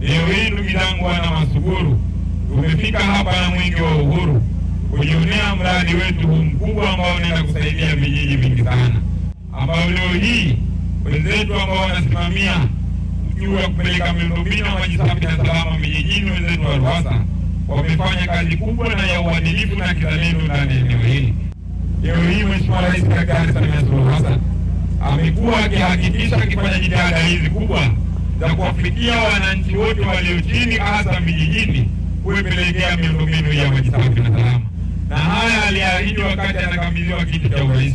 Leo hii ndugu zangu, wana Masuguru, tumefika hapa na mwingi wa uhuru kujionea mradi wetu huu mkubwa ambao unaenda kusaidia vijiji vingi sana, ambao leo hii wenzetu ambao wanasimamia juu ya kupeleka miundombinu ya maji safi na salama vijijini, wenzetu wa RUWASA wamefanya kazi kubwa na ya uadilifu na kizalendo ndani ya eneo hili. Leo hii Mheshimiwa Rais Daktari Samia Suluhu Hassan amekuwa akihakikisha akifanya jitihada hizi kubwa za kuwafikia wananchi wote walio chini, hasa vijijini, kuipelekea miundombinu ya maji safi na salama. Na haya aliahidi wakati anakabidhiwa kiti cha urais.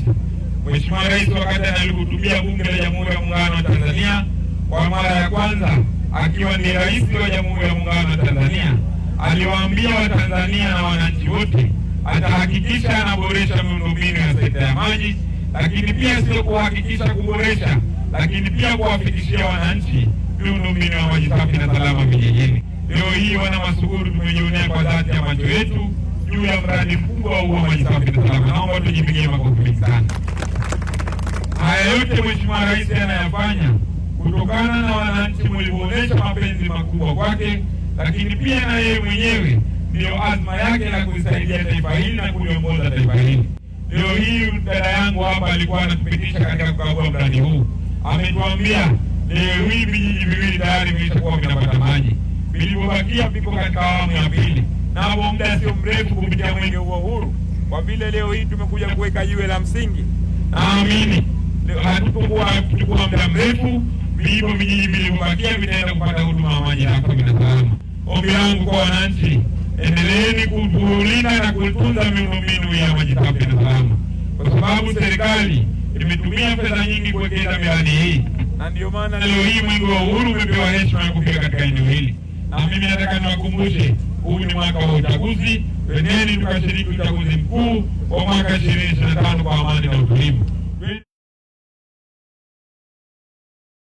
Mheshimiwa Rais wakati analihutubia Bunge la Jamhuri ya Muungano wa Tanzania kwa mara ya kwanza akiwa ni rais wa Jamhuri ya Muungano wa Tanzania, aliwaambia Watanzania na wananchi wote atahakikisha anaboresha miundombinu ya sekta ya maji, lakini pia sio kuhakikisha kuboresha, lakini pia kuwafikishia wananchi miundombinu ya maji safi na salama vijijini. Leo hii wana masuguru tumejionea kwa dhati ya macho yetu juu ya mradi mkubwa huu wa maji safi na salama. Naomba tujipigie makofi mengi sana. Haya yote Mheshimiwa Rais anayafanya kutokana na wananchi mlivyoonyesha mapenzi makubwa kwake, lakini pia na yeye mwenyewe ndiyo azma yake na kuisaidia taifa hili na kuliongoza taifa hili. Leo hii dada yangu hapa alikuwa anatupitisha katika kukagua mradi huu, ametuambia leo hii vijiji viwili tayari vilitakuwa vinapata maji, vilivyobakia vipo katika awamu ya pili, nao muda sio mrefu kupitia mwenge huo huru. Kwa vile leo hii tumekuja kuweka jiwe la msingi, naamini hatutokuwa kuchukua muda mrefu, vipo vijiji vilivyobakia vinaenda kupata huduma ya maji safi na salama. Ombi langu kwa wananchi, endeleeni kuulinda na kutunza miundombinu ya maji safi na salama, kwa sababu serikali imetumia fedha nyingi kuwekeza miradi hii na ndio maana leo hii mwingi wa uhuru umepewa heshima ya kufika katika eneo hili, na mimi nataka niwakumbushe, huu ni mwaka wa uchaguzi. Pendeni tukashiriki uchaguzi mkuu wa mwaka 2025 kwa amani na utulivu.